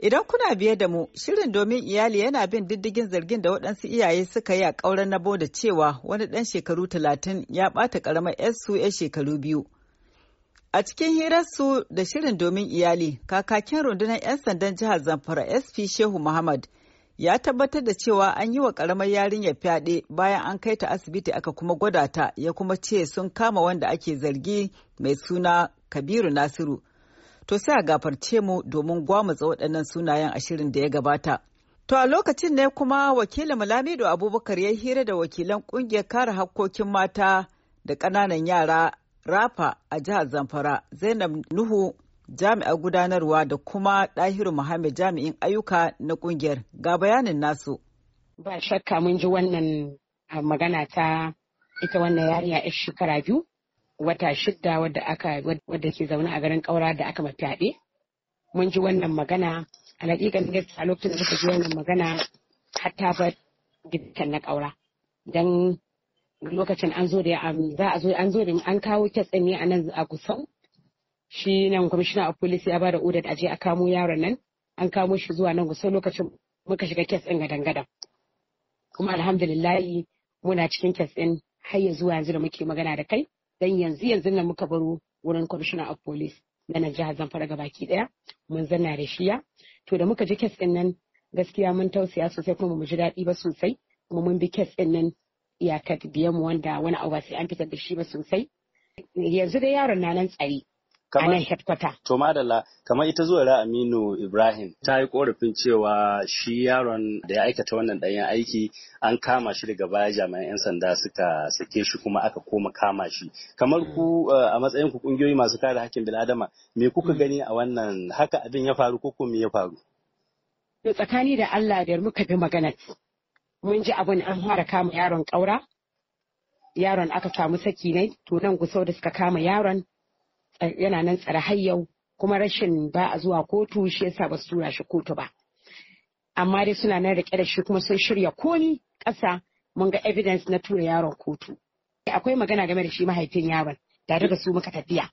Idan kuna biye da mu, shirin domin iyali yana bin diddigin zargin da waɗansu iyaye suka yi a ƙauren na da cewa wani ɗan shekaru talatin ya ɓata ƙaramar 'yarsu ya shekaru biyu. A cikin hirarsu da shirin domin iyali, kakakin rundunar 'yan sandan jihar Zamfara SP Shehu Muhammad ya tabbatar da cewa an yi wa ƙaramar yarinyar fyaɗe bayan an kai ta asibiti aka kuma gwada ta ya kuma ce sun kama wanda ake zargi mai suna Kabiru Nasiru. to sai a gafarce mu domin gwamutsa waɗannan sunayen a shirin da ya gabata. To a lokacin ne kuma wakilin Malamido Abubakar ya hira da wakilan ƙungiyar kare hakkokin mata da ƙananan yara Rafa a jihar Zamfara, Zainab Nuhu jami'ar gudanarwa da kuma Ɗahiru Muhammad jami'in ayyuka na ƙungiyar ga bayanin nasu. Ba shakka mun ji wannan magana ta ita wannan yariya 'yar shekara biyu wata shidda wadda aka wadda ke zaune a garin kaura da aka fyaɗe mun ji wannan magana a hakikan a lokacin da suka ji wannan magana hatta ba gidan na kaura dan lokacin an zo da za a zo an zo da an kawo kitsin ne a nan a kusan. shi nan kwamishina a polisi ya bada odar je a kamo yaron nan an kamo shi zuwa nan gusau lokacin muka shiga kes ɗin gadan-gadan kuma alhamdulillahi muna cikin kes ɗin har ya zuwa yanzu da muke magana da kai dan yanzu yanzu nan muka baro wurin commissioner of police na nan jihar Zamfara ga baki daya mun zanna da shiya to da muka ji kes din nan gaskiya mun tausaya sosai kuma mu ji daɗi ba sosai kuma mun bi kes din nan iyakar biyan mu wanda wani abu ba sai an fitar da shi ba sosai yanzu dai yaron na nan tsari. a nan headquarter. To madalla kamar ita zuwa Aminu Ibrahim ta yi korafin cewa shi yaron da ya aikata wannan ɗanyen aiki an kama shi daga baya jami'an 'yan sanda suka sake shi kuma aka koma kama shi. Kamar mm. ku uh, a matsayin ku kungiyoyi masu kare hakkin bil'adama me kuka mm. gani a wannan haka abin ya faru ko kuma me ya faru? To Tsakani da Allah da muka bi magana mun ji abin an fara kama yaron ƙaura yaron aka samu saki ne to nan gusau da suka kama yaron yana nan tsare har yau kuma rashin ba a zuwa kotu shi yasa ba su tura shi kotu ba amma dai suna nan rike da shi kuma sun shirya komi kasa mun ga evidence na tura yaron kotu akwai magana game da shi mahaifin yaron da daga su muka tafiya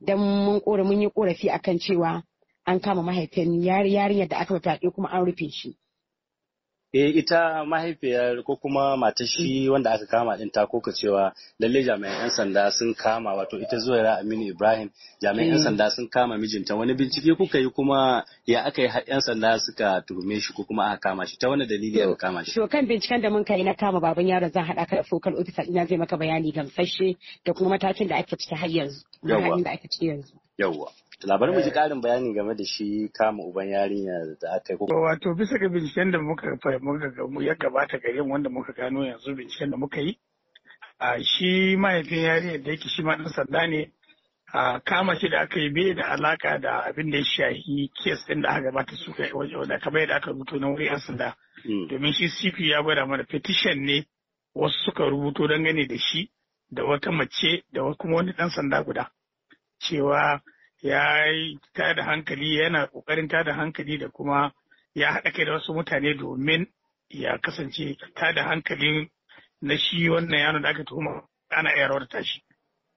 dan mun kora mun yi korafi akan cewa an kama mahaifin yarinyar da aka fyaɗe kuma an rufe shi eh ita mahaifiyar ko kuma mata shi wanda aka kama din ta koka cewa lalle jami'an yan sanda sun kama wato ita zuwa Aminu Ibrahim jami'an yan mm. sanda sun kama mijinta wani bincike kuka yi kuma ya aka yi yan sanda suka tuhume shi ko kuma aka kama shi ta wani dalili aka kama shi to kan binciken da mun kai na kama baban yaron zan haɗa ka da focal officer ina zai maka bayani gamsashe da kuma matakin da ake ciki har yanzu da ake ciki yanzu yawwa labarin mu ji karin eh. bayani game da shi kama uban yarinya da aka yi wato bisa ga binciken da muka muka ya gabata yin wanda muka gano yanzu binciken da muka yi a shi mahaifin yarinyar da yake shi ma dan sanda ne a kama shi da aka yi bai da alaka da abin da ya shahi kes din da aka gabata su kai wajen kamar yadda aka rubuto na wuri yan sanda hmm. domin shi cp ya gwada mana petition ne wasu suka rubuto dangane da shi da wata mace da kuma wani dan sanda guda cewa ya yi tada hankali yana ƙoƙarin tada hankali da kuma ya haɗa kai da wasu mutane domin ya kasance tada hankalin na shi wannan yaron da aka tuhuma ana iya rawar tashi.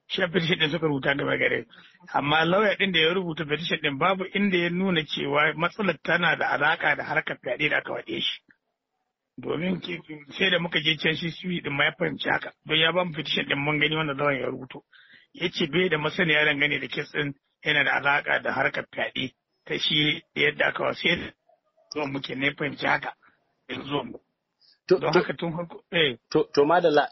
Shi a fetishin ɗin suka rubuta gaba gare. Amma lauya ɗin da ya rubuta fetishin ɗin babu inda ya nuna cewa matsalar tana da alaƙa da harkar fyaɗe da aka waɗe shi. Domin sai da muka je can shi ɗin ma ya fahimci haka. Don ya ba mu fetishin ɗin mun gani wanda lauyan ya rubuto. ya ce bai da masaniya dangane da kes ɗin yana da alaƙa da harkar fyaɗe ta shi da yadda aka wasu yadda zuwa muke ne fahimci haka yanzu zuwan mu. Don haka tun harko eh. To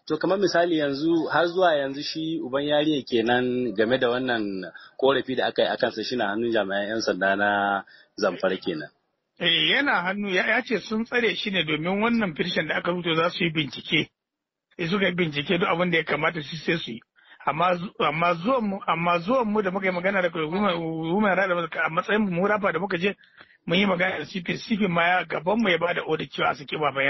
to kamar misali yanzu har zuwa yanzu shi uban yariya kenan game da wannan korafi da aka yi akan sa na hannun jami'an 'yan sanda na zamfara kenan. Eh yana hannu ya ce sun tsare shi ne domin wannan firshen da aka rubuta za su yi bincike. Sai eh, suka yi bincike duk abin da ya kamata su sai su yi. amma zuwan mu amma zuwan mu da muka yi magana da women rada a matsayin mu rafa da muka je mun yi magana da cikin cikin ma ya gaban mu ya ba da oda cewa a saki baba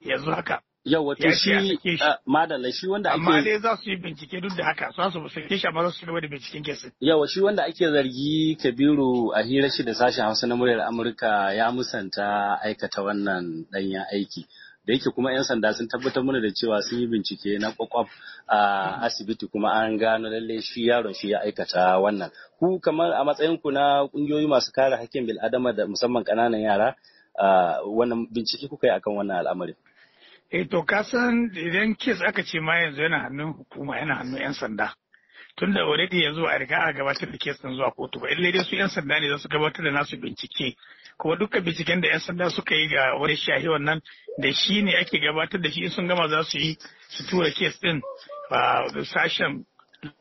yanzu haka yau wato shi madalla shi wanda ake amma dai za su yi bincike duk da haka za su sake shi amma za su gaba da binciken kesin yau shi wanda ake zargi Kabiru a hira shi da sashen Hausa na muryar Amurka ya musanta aikata wannan danyen aiki da yake kuma 'yan sanda sun tabbatar mana da cewa sun yi bincike na kwakwaf a asibiti kuma an gano lalle shi yaron shi ya aikata wannan ku kamar a matsayin ku na kungiyoyi masu kare hakkin bil'adama da musamman kananan yara wannan bincike kuka yi akan wannan al'amarin eh to ka san idan kes aka ce ma yanzu yana hannun hukuma yana hannun 'yan sanda tun da already yanzu a riga a gabatar da kes din zuwa kotu ba illai dai su 'yan sanda ne za su gabatar da nasu bincike kuma duka binciken da 'yan sanda suka yi ga wani shahi wannan da shi ne ake gabatar da shi in sun gama za su yi su tura kes din sashen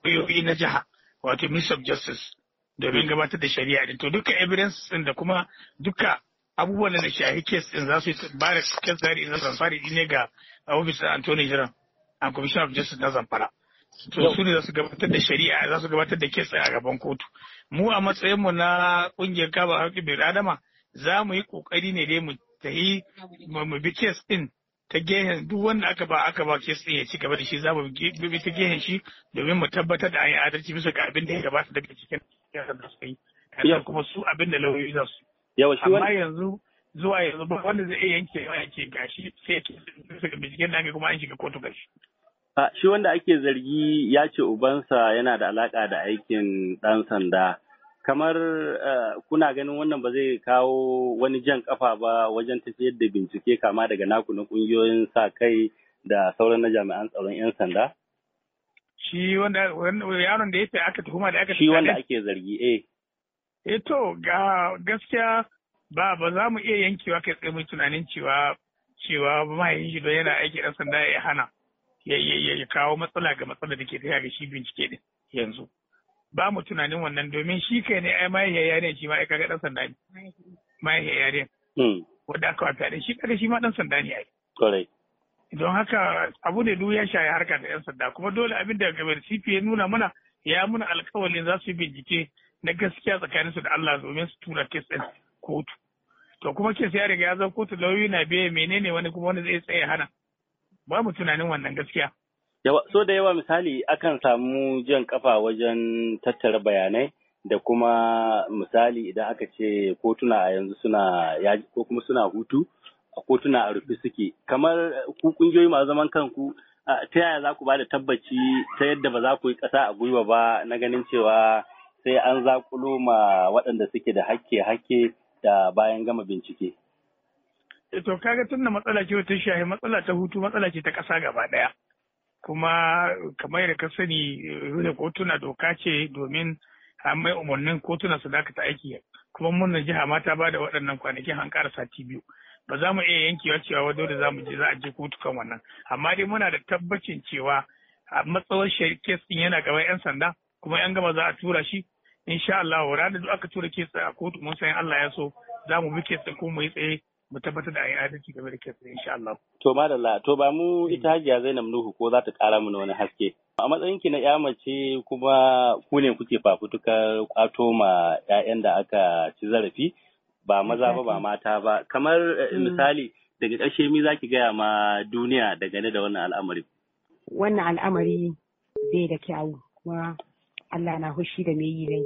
lauyoyi na jiha wato minister of justice domin gabatar da shari'a din to duka evidence din da kuma duka abubuwan da shahi kes din za su yi ba kes zari na zamfara ne ga officer antony jiran and commissioner of justice na zamfara to su ne za su gabatar da shari'a za su gabatar da kes a gaban kotu mu a matsayinmu na ƙungiyar kaba haƙƙin bil adama za mu yi ƙoƙari ne dai mu tafi mu bi kes din ta gehen duk wanda aka ba aka ba kes din ya ci gaba da shi za mu bi ta gehen shi domin mu tabbatar da an yi adalci bisa ga abin da ya gabata daga cikin da suka yi kuma su abin da lauyoyi za su amma yanzu zuwa yanzu ba wanda zai iya yanke yawa yake gashi sai ya ce bisa ga binciken da kuma an shiga kotu gashi. shi wanda ake zargi ya ce ubansa yana da alaka da aikin ɗan sanda. kamar eh, kuna ganin wannan ba zai kawo wani jan kafa ba wajen tafiyar da bincike kama daga naku na kungiyoyin sa kai da sauran na jami'an tsaron 'yan sanda? Shi wanda yaron da aka tuhuma da aka Shi wanda ake zargi eh. Eh to ga gaskiya ba ba za mu iya yankewa kai tsaye mai tunanin cewa cewa yin shi don yana aiki ɗan sanda ya hana ya kawo matsala ga matsala da ke tafiya da shi bincike din yanzu. ba mu tunanin wannan domin shi kai ne ai ya yaren shi ma ai kaga dan sanda ne ya yare hmm. wanda aka wata da shi kaga shi ma dan sanda ne ai kwarai don haka abu ne ya shaye harka da yan sanda kuma dole abin da gabar CP ya nuna mana ya muna alkawalin za su yi bincike na gaskiya tsakanin su da Allah domin su tura kes din kotu to kuma kes ya riga ya zo kotu lauyi na biye menene wani kuma wani zai tsaye hana ba mu tunanin wannan gaskiya so da yawa misali akan samu jan kafa wajen tattara bayanai da kuma misali idan aka ce kotuna a yanzu suna yaji ko kuma suna hutu a kotuna a rufe suke kamar ku kungiyoyi masu zaman kanku ta yaya za ku ba da tabbaci ta yadda ba za ku yi ƙasa a gwiwa ba na ganin cewa sai an zakulo ma waɗanda suke da hakke hakke da bayan gama bincike. Eh, to kaga tunda matsala ce ta shahi matsala ta hutu matsala ce ta kasa gaba ɗaya. kuma kamar yadda ka sani da kotuna doka ce domin mai umarnin kotuna su dakata aiki kuma mun jiha ma ta da waɗannan kwanakin an ƙara sati biyu ba za mu iya yankewa cewa ba dole za mu je za a je kotu kan wannan amma dai muna da tabbacin cewa a matsawar kes ɗin yana gaban yan sanda kuma yan gama za a tura shi insha Allah ranar da aka tura kes a kotu mun san Allah ya so za mu bi kes ko mu yi tsaye mu tabbatar da ayi adalci game da kesa insha Allah. To madalla to ba mu hmm. ita hajiya Zainab Nuhu ko za ta kara mana wani haske. A matsayin ki na ƴa mace kuma ku ne kuke fafutukar kwato ma 'ya'yan da aka ci zarafi ba maza ba ba mata ba kamar eh, hmm. misali daga ƙarshe mi za ki gaya ma duniya dangane da wannan al'amari. Wannan al'amari bai da kyawu kuma Allah na hushi da mai yi rai.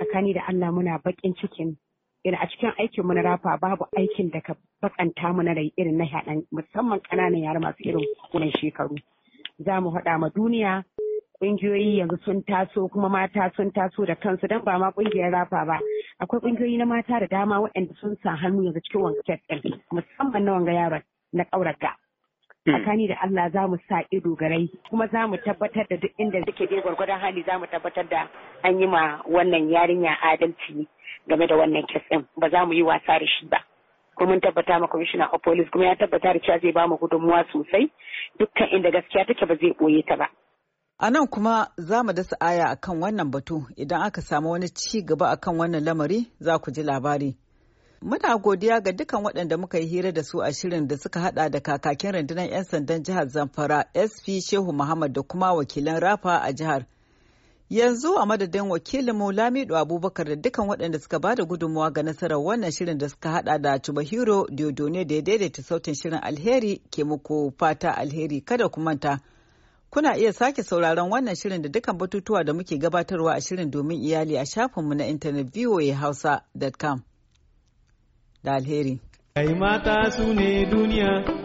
Tsakani da Allah muna baƙin cikin yana a cikin aikin mu na mm. rafa babu aikin da ka bakanta mu na rai irin na yaɗan musamman ƙananan yara masu irin kunan shekaru za mu haɗa ma duniya ƙungiyoyi yanzu sun taso kuma mata sun taso da kansu don ba ma ƙungiyar rafa ba akwai ƙungiyoyi na mata da dama waɗanda sun sa hannu yanzu cikin wanga ɗin musamman na wanga yaron na ƙaurata mm. tsakani da Allah za mu sa ido garai kuma za mu tabbatar da duk inda suke je gwargwadon hali za mu tabbatar da an yi ma wannan yarinya adalci game da wannan kesin ba za mu yi wasa da shi ba kuma mun tabbata ma commissioner of police kuma ya tabbata da cewa zai ba mu gudunmuwa sosai dukkan inda gaskiya take ba zai ɓoye ta ba A nan kuma za mu dasa aya akan wannan batu idan aka samu wani ci gaba akan wannan lamari za ku ji labari. Muna godiya ga dukan waɗanda muka yi hira da su a shirin da suka hada da kakakin rundunar 'yan sandan jihar Zamfara SP Shehu Muhammad da kuma wakilan Rafa a jihar Yanzu a madadin wakilinmu Lamido Abubakar da dukkan waɗanda suka bada gudunmawa ga nasarar wannan shirin da suka hada da Chubahiro Diodone da ya daidaita sautin shirin alheri ke muku fata alheri kada ku manta. Kuna iya sake sauraron wannan shirin da dukkan batutuwa da muke gabatarwa a shirin domin iyali a shafinmu na intanet voahausa.com. Da alheri. Kai mata su duniya